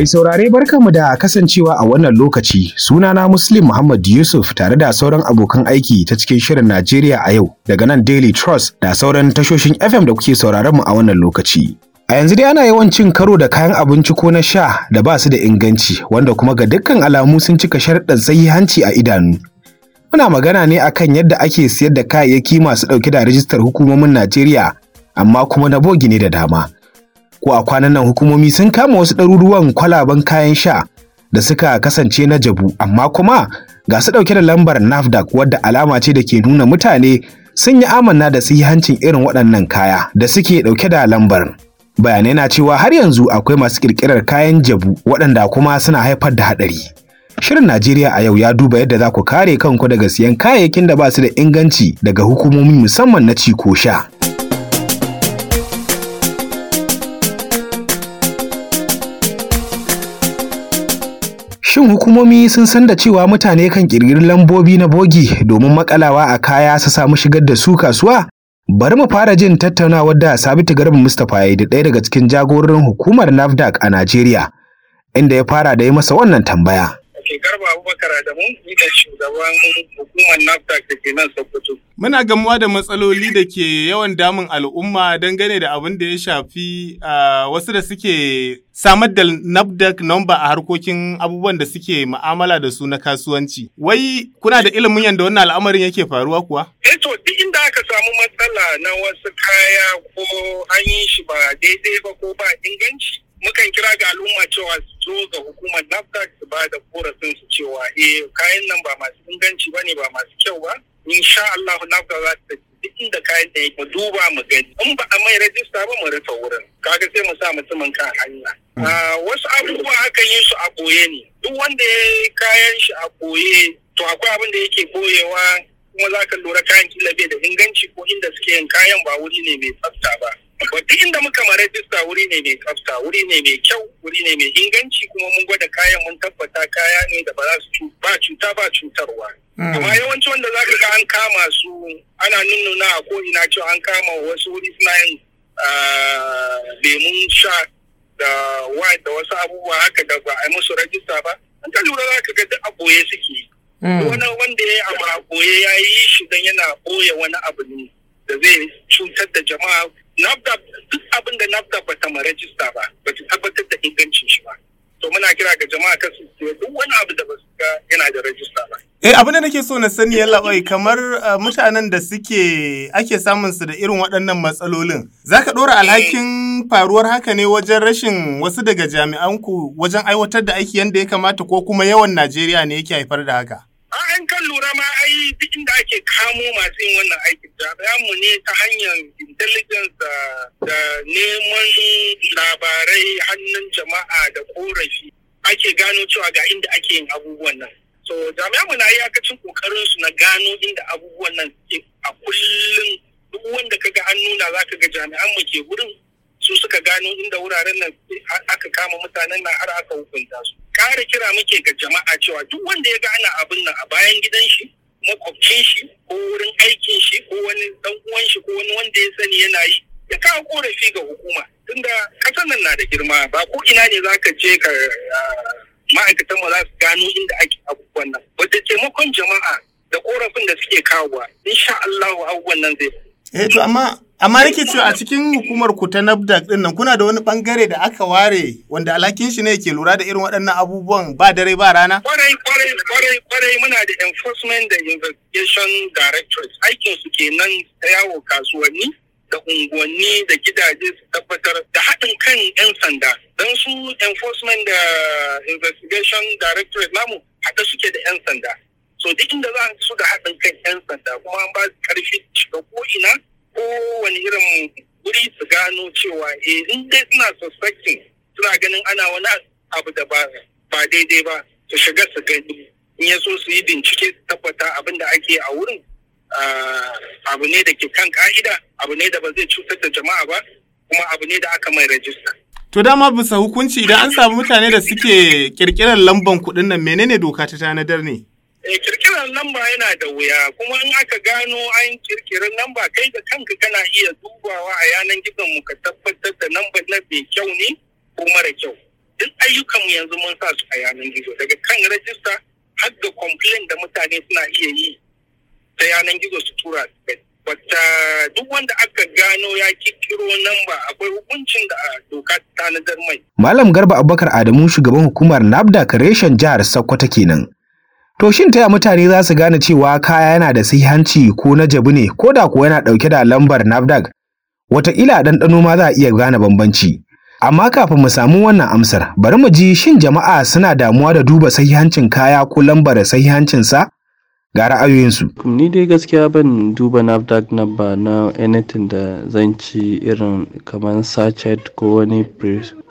Mai saurare mu da kasancewa a wannan lokaci sunana Muslim Muhammad Yusuf tare da sauran abokan aiki ta cikin shirin Najeriya a yau daga nan Daily Trust da sauran tashoshin FM da kuke sauraron mu a wannan lokaci. A yanzu dai ana yawan cin karo da kayan abinci ko na sha da ba su da inganci wanda kuma ga dukkan alamu sun cika sharɗar hanci a idanu. Muna magana ne akan yadda ake siyar da kayayyaki masu ɗauke da rijistar hukumomin Najeriya amma kuma na bogi ne da dama. ko a kwanan nan hukumomi sun kama wasu ɗaruruwan kwalaban kayan sha da suka kasance na jabu amma kuma ga su ɗauke da lambar nafdac wadda alama ce da ke nuna mutane sun yi amanna da sahihancin irin waɗannan kaya da suke ɗauke da lambar bayanai na cewa har yanzu akwai masu ƙirƙirar kayan jabu waɗanda kuma suna haifar da haɗari Shirin Najeriya a yau ya duba yadda za ku kare kanku daga siyan kayayyakin da ba su da inganci daga hukumomi musamman na ci ko sha. Shin hukumomi sun san da cewa mutane kan ƙirƙiri lambobi na bogi domin makalawa a kaya su samu shigar da su kasuwa? Bari mu fara jin tattaunawar da Sabitu Garba Mustapha ya da ɗaya daga cikin jagororin hukumar NAFDAC a Najeriya, inda ya fara da yi masa wannan tambaya. da ni da shugaban hukumar NAFTAC da ke nan Sokoto. Muna gamuwa da matsaloli da ke yawan damun al'umma dangane da abin da ya shafi wasu da suke samar da NAFDAC number a harkokin abubuwan da suke ma'amala da su na kasuwanci. Wai kuna da ilimin yadda wannan al'amarin yake faruwa kuwa? Eh to duk inda aka samu matsala na wasu kaya ko an yi shi ba daidai ba ko ba inganci mukan kira ga al'umma cewa su zo ga hukumar NAFDAC su ba da korafin su cewa eh kayan nan ba masu inganci ba ne ba masu kyau ba insha Allah NAFDAC za ta duk inda kayan da yake duba mu gani in ba a mai rajista ba mu rufe wurin kaga sai mu sa mutumin kan hanya hmm. ah, wasu abubuwa akan yi su a koye ne duk wanda ya kayan shi a koye to akwai abin da yake koyewa kuma za ka lura kayan kila bai da inganci ko inda suke yin kayan ba wuri ne mai tsafta ba duk inda muka ma rajista wuri ne mai tsafta wuri ne mai kyau wuri ne mai inganci kuma mun gwada kayan mun tabbata kaya ne da ba za su ba cuta ba cutarwa hmm. amma yawanci wanda za ka ga an kama su ana nunnuna a ko ina cewa an kama wasu wuri suna yin ah, lemun sha da wai da wasu abubuwa haka da ba a musu rajista ba an ta lura za ka ga duk a boye suke hmm. wani wanda ya yi abu a boye ya yi shi don yana boye wani abu ne da zai cutar da jama'a nafta duk abin da nafta ba ta ma rajista ba ba ta tabbatar da ingancin shi ba to muna kira ga jama'a kan su duk wani abu da ba su ga yana da rajista ba Eh abin da nake so na sani yalla oi kamar uh, mutanen da suke ake samun su da irin waɗannan matsalolin zaka ɗora eh. alhakin faruwar haka ne wajen rashin wasu daga jami'anku wajen aiwatar da aiki yanda ya kamata ko kuma yawan Najeriya ne yake haifar da haka A an kan lura ma duk inda ake kamo masu yin wannan aikin mu ne ta hanyar intelligence da neman labarai hannun jama'a da korafi ake gano cewa ga inda ake yin abubuwan nan so mu na iyakacin kokarin su na gano inda abubuwan nan a kullum duk wanda kaga an nuna zaka ga jami'an mu ke wurin su suka gano inda wuraren nan aka kama mutanen na har aka hukunta su kare kira muke ga jama'a cewa duk wanda ya ga ana abin nan a bayan gidan shi makwabcin shi ko wurin aikin shi ko wani dan uwan shi ko wani wanda ya sani yana yi ya kawo korafi ga hukuma tunda kasan nan na da girma ba ko ina ne za ka je ka ah, ma'aikatan mu za su gano inda ake abubuwan nan wadda taimakon jama'a da korafin da suke kawowa insha Allah abubuwan nan zai eh to amma amma nake cewa a cikin hukumar ku ta NAFDAC din nan kuna da wani bangare da aka ware wanda alhakin shi ne ke lura da irin waɗannan abubuwan ba dare ba rana? Kwarai kwarai kwarai kwarai muna da enforcement da investigation directors aikin su kenan ta yawo kasuwanni da unguwanni da gidaje su tabbatar da haɗin kan 'yan sanda don su enforcement da investigation directorate namu haɗa suke da 'yan sanda so duk inda za su da haɗin kan yan sanda kuma an ba su karfi shiga ko ina ko wani irin wuri su gano cewa eh in dai suna suspecting suna ganin ana wani abu da ba daidai ba su shiga su gani in ya so su yi bincike su tabbata abin da ake a wurin ah, abu ne da ke kan ka'ida abu ne da ba zai cutar da jama'a ba kuma abu ne da aka mai rajista. To dama bisa hukunci idan an samu mutane da suke kirkirar lambar kuɗin nan menene doka ta tanadar ne? Eh, kirkirar lamba yana da wuya kuma in aka gano an kirkiri lamba kai da kanka kana iya dubawa a yanan gizonmu mu ka tabbatar da lamba na mai kyau ne ko mara kyau. Duk ayyukan mu yanzu mun sa su a yanan gizo daga kan rajista har da complain da mutane suna iya yi ta yanan gizo su tura wata duk wanda aka gano ya kirkiro lamba akwai hukuncin da doka ta tanadar mai. Malam Garba Abubakar Adamu shugaban hukumar NAFDAC reshen jihar Sokoto kenan. To shin taya mutane za su gane cewa kaya yana da sahihanci ko na jabu ne ko da kuwa yana ɗauke da lambar NAFDAC? Wataƙila ɗanɗano ma za a iya gane bambanci. Amma kafin mu samu wannan amsar, bari mu ji shin jama'a suna damuwa da duba sahihancin kaya ko lambar sahihancinsa? ga ra'ayoyinsu. Ni dai gaskiya ban duba NAFDAC ba na anything da zan ci irin kamar sachet ko wani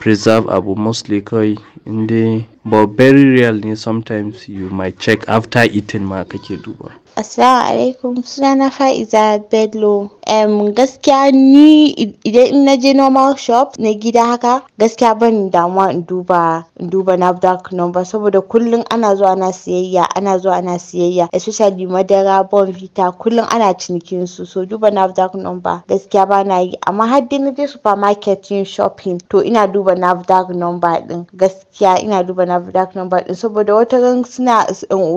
preserve abu mostly kawai in dai but very real ne sometimes you might check after eating ma kake duba. Assalamu alaikum sunana Fa'iza Bello. Um, gaskiya ni idan in na je normal shop na gida haka gaskiya ban damuwa in duba in duba NAFDAC number saboda kullum ana zuwa ana siyayya ana zuwa ana siyayya especially madara Bon Vita, kullum ana cinikin su so duba NAFDAC number gaskiya ba na yi amma har dai na je supermarket yin shopping to ina duba NAFDAC number din gaskiya ina duba NAFDAC number din saboda wata suna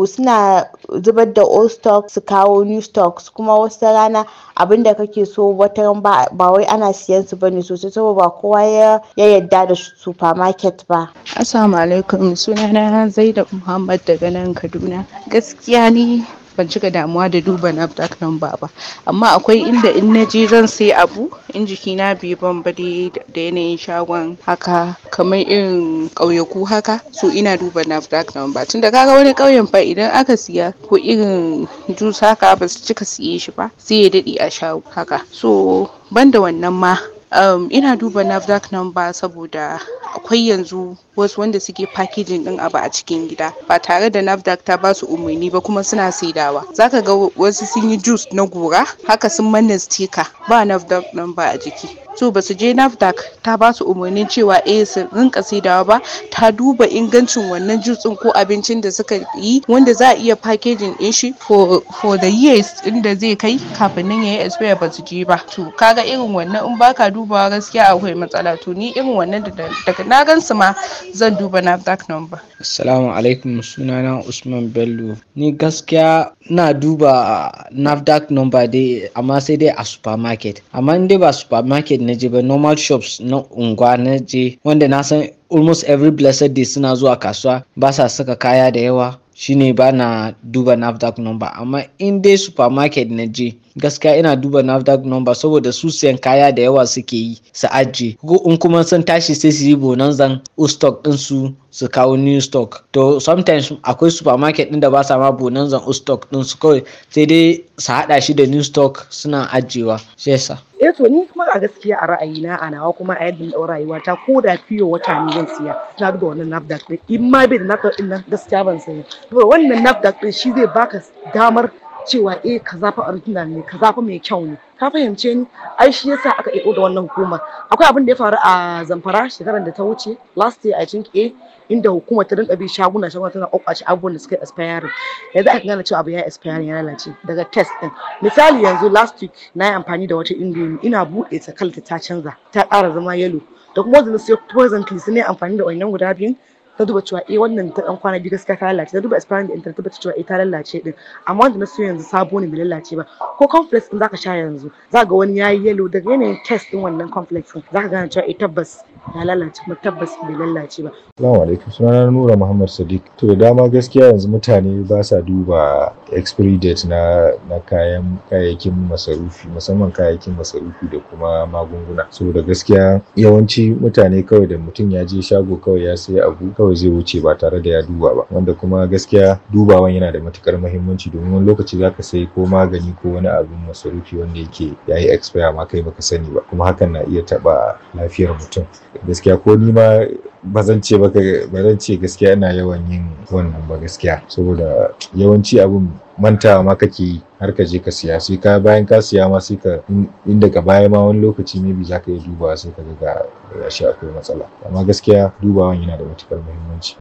suna zubar da os. stock su kawo new stocks kuma wasu rana abinda kake so wata ba wai ana siyan su bane sosai saboda ba kowa ya yadda da supermarket ba assalamu alaikum sunana zainab muhammad daga nan kaduna gaskiya ni ban cika damuwa da duba NAFDAC number ba amma akwai inda in na je zan sai abu in na bi ban ba da yanayin shagon haka kamar irin ƙauyaku haka so ina duba nan number tunda kaga wani ƙauyen fa idan aka siya ko irin jus haka ba su cika siye shi ba sai ya daɗe a shago haka so banda wannan ma um ina duba NAFDAC number saboda akwai yanzu wasu wanda suke packaging din abu a cikin gida ba tare da NAFDAC ta ba su umarni ba kuma suna saidawa zaka ga wasu sun yi juice na gora haka sun manna sticker ba NAFDAC number a jiki so ba su je nafdac ta ba su umarnin cewa eh su rinka saidawa ba ta duba ingancin wannan jutsun ko abincin da suka yi wanda za a iya packaging din shi for the years inda da zai kai kafin nan yayi expire ba su je ba to kaga irin wannan in baka dubawa gaskiya akwai matsala to ni irin wannan daga na gan su ma zan duba nafdac number assalamu alaikum sunana usman bello ni gaskiya na duba nafdac number dai amma sai dai a supermarket amma in dai ba supermarket na ji ba normal shops na unguwa na je wanda na san almost every blessed day suna zuwa kasuwa ba sa saka kaya da yawa shine ba na duba nafdac number amma in dai supermarket na je gaskiya ina duba nafdac number saboda su siyan kaya da yawa suke yi su ajiye ko in kuma sun tashi sai su yi zan stock din su su kawo new stock to sometimes akwai supermarket din da ba sa ma zan stock din su kawai sai dai su haɗa shi da new stock suna ajiyewa sai sa eh to ni kuma a gaskiya a ra'ayina a nawa kuma a yadda ɗau rayuwa ta ko da fiyo wata ne zan siya na duba wannan nafdac ɗin in ma bai da nafdac ɗin gaskiya ban sani to wannan nafdak ɗin shi zai baka damar cewa eh kaza fa original ne kaza fa mai kyau ne ka fahimce ni ai shi yasa aka iko da wannan hukumar akwai abin da ya faru a Zamfara shekarar da ta wuce last year i think eh inda hukumar ta rinka bi shaguna shaguna tana kwakwace abubuwan da suka expire yanzu aka gane cewa abu ya expire ya lalace daga test din misali yanzu last week na yi amfani da wata indomi, ina buɗe ta kalta ta canza ta ƙara zama yellow da kuma wanzu na siyo poison kiss ne amfani da wannan guda biyun ta duba cewa eh wannan ta dan kwana biyu gaskiya ta lalace ta duba expiring din ta tabbata cewa eh ta lalace din amma wanda na siyo yanzu sabo ne bai lalace ba ko complex din zaka sha yanzu zaka ga wani yayi yellow daga yanayin test din wannan complex din zaka gane cewa eh tabbas ya lalace kuma tabbas bai lalace ba assalamu alaikum sunana Nura Muhammad Sadiq to da dama gaskiya yanzu mutane ba sa duba expiry date na na kayan kayayyakin masarufi musamman kayayyakin masarufi da kuma magunguna so gaskiya yawanci mutane kawai da mutum ya je shago kawai ya sayi abu kawai zai wuce ba tare da ya duba ba wanda kuma gaskiya dubawan yana da matukar muhimmanci domin wani lokaci zaka sai ko magani ko wani abin masarufi wanda yake yayi expire ma kai baka sani ba kuma hakan na iya taba lafiyar mutum gaskiya ko ni ma ba zan ce ba ba ce gaskiya ina yawan yin wannan ba gaskiya saboda yawanci abun mantawa ma kake yi har ka je ka siya sai ka bayan ka siya ma sai ka inda ka baya ma wani lokaci ne za zaka iya dubawa sai ka ga ga shi akwai matsala amma gaskiya dubawan yana da matukar muhimmanci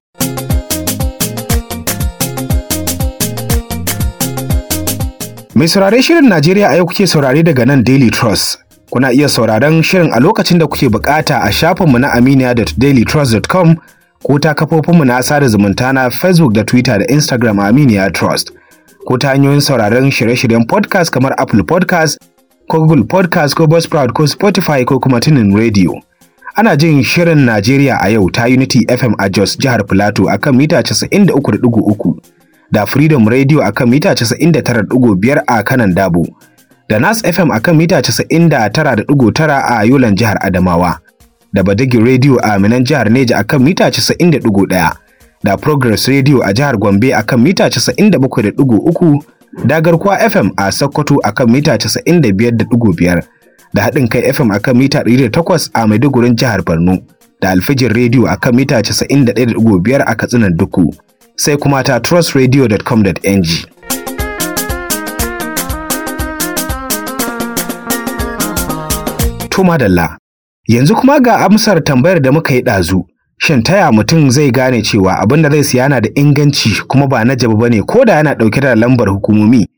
Mai saurare shirin Najeriya a yau kuke saurare daga nan Daily Trust. Kuna iya sauraron shirin a lokacin da kuke bukata a shafinmu na aminiya.dailytrust.com ko ta kafofinmu na sada zumunta na Facebook da Twitter da Instagram Aminiya Trust. Ko ta hanyoyin sauraron shirye-shiryen podcast kamar Apple podcast ko Google podcast ko Buzzsprout ko Spotify ko kuma tunin radio. Ana jin shirin Najeriya a yau ta Unity FM a Jos jihar Plateau akan mita 93.3 da Freedom Radio akan mita 99.5 a kanan Dabo. da Nas FM a kan mita 99.9 a yulan jihar Adamawa, da Badagi Radio a Minan jihar Neja a kan mita 90.1, da Progress Radio a jihar Gombe a kan mita 97.3, da Garkuwa FM a Sokoto a kan mita 95.5, da Haɗin Kai FM a kan mita 108 a Maidugurin jihar Borno, da Alfijin Radio a kan mita 91.5 a Katsinan Duku, sai kuma ta trustradio.com.ng. To madalla, yanzu kuma ga amsar tambayar da muka yi ɗazu. Shin taya mutum zai gane cewa abin da zai siya na da inganci kuma ba na ba bane ko da yana ɗauke da lambar hukumomi?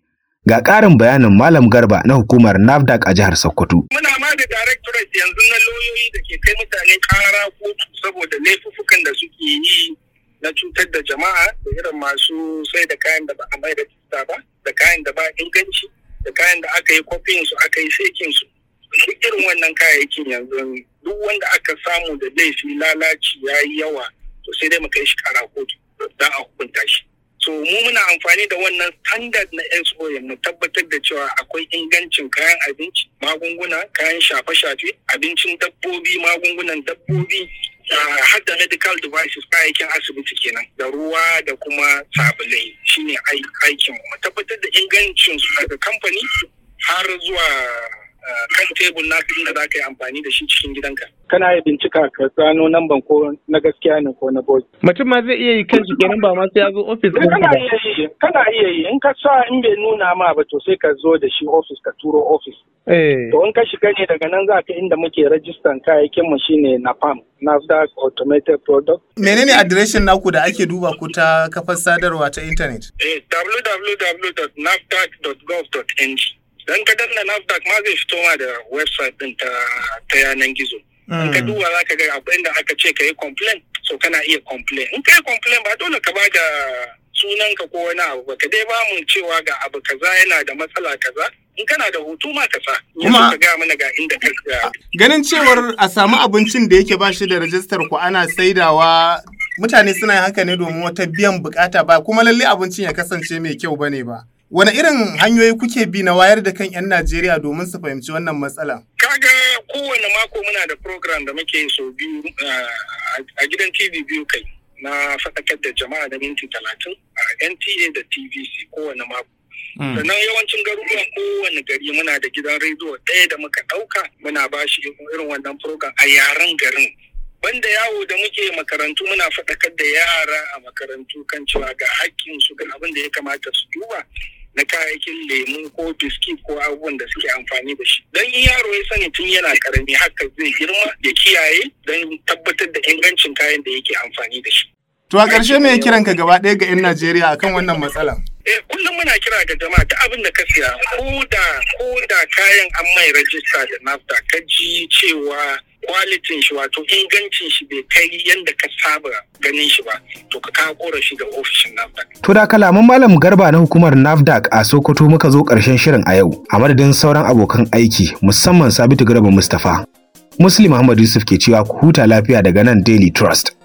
Ga ƙarin bayanin Malam Garba na hukumar nafdak a jihar Sokoto. Muna ma da directorate yanzu na lauyoyi da ke kai mutane kara kotu saboda laifuffukan da suke yi na cutar da jama'a da irin masu sai da kayan da ba a mai da ba da kayan da ba inganci da kayan da aka yi kofin su aka yi shekin su shi irin wannan kayayyakin yanzu duk wanda aka samu da laifi lalaci ya yi yawa to sai dai mu kai shi kara kotu don a hukunta shi so mu muna amfani da wannan standard na SOA mu tabbatar da cewa akwai ingancin kayan abinci magunguna kayan shafe-shafe abincin dabbobi magungunan dabbobi har da medical devices kayayyakin asibiti kenan da ruwa da kuma sabulai shine aikin mu tabbatar da ingancin su daga kamfani har zuwa kan tebul na da za ka yi amfani da shi cikin gidanka. Kana yi bincika ka gano namban ko na gaskiya ne ko na bogi. Mutum ma zai iya yi kan shi ba ma sai ya zo ofis ba. Kana iya yi in ka sa in bai nuna ma ba to sai ka zo da shi ofis ka turo ofis. Eh. To in ka shiga ne daga nan za ka inda muke rajistan kayayyakin mu shine NAPAM Nasdaq Automated Product. Menene adireshin naku da ake duba ku ta kafar sadarwa ta intanet? Eh, www.nasdaq.gov.ng dan ka danna NAFDAC ma zai fito ma da website din ta ta yanan gizo in ka mm. duba za ka ga akwai inda aka ce ka yi complain so kana iya complain in ka yi complain ba dole ka ba da sunanka ko wani abu ba ka dai ba mu cewa ga abu kaza yana da matsala kaza in kana da hutu ma ka sa kuma ka ga mana ga inda ka ganin cewar a samu abincin da yake ba shi da rajistar ku ana saidawa mutane suna yin haka ne domin wata biyan bukata ba kuma lalle abincin ya kasance mai kyau bane ba Wane irin hanyoyi kuke bi na wayar da kan 'yan Najeriya domin su fahimci wannan matsala? Kaga kowane mako muna da program da muke so biyu a gidan TV biyu kai na faɗakar da jama'a da minti talatin a NTA da TVC kowane mako. Hmm. sannan yawancin garuruwan kowane gari muna da gidan rediyo ɗaya da muka ɗauka muna ba shi irin wannan program a yaren garin banda yawo da muke makarantu muna faɗakar da yara a makarantu kan cewa ga hakkin su ga abin da ya kamata su duba na kayayyakin lemu ko biski ko abubuwan da suke amfani da shi don in yaro ya sani tun yana karami haka zai girma ya kiyaye don tabbatar da ingancin kayan da yake amfani da shi to a ƙarshe me ya kiran ka gaba ɗaya ga 'yan Najeriya akan wannan matsalan eh kullum muna kira ga jama'a ta abin da ka siya ko da ko da kayan an mai rajista da NAFTA ka ji cewa kwalitin shi wato ingancin shi bai kai yadda ka saba ganin shi ba to ka kawo korafi ga ofishin NAFDAC. To da kalaman Malam Garba na hukumar NAFDAC a Sokoto muka zo ƙarshen shirin a yau a madadin sauran abokan aiki musamman Sabitu Garba Mustapha. Muslim Ahmad Yusuf ke cewa ku huta lafiya daga nan Daily Trust.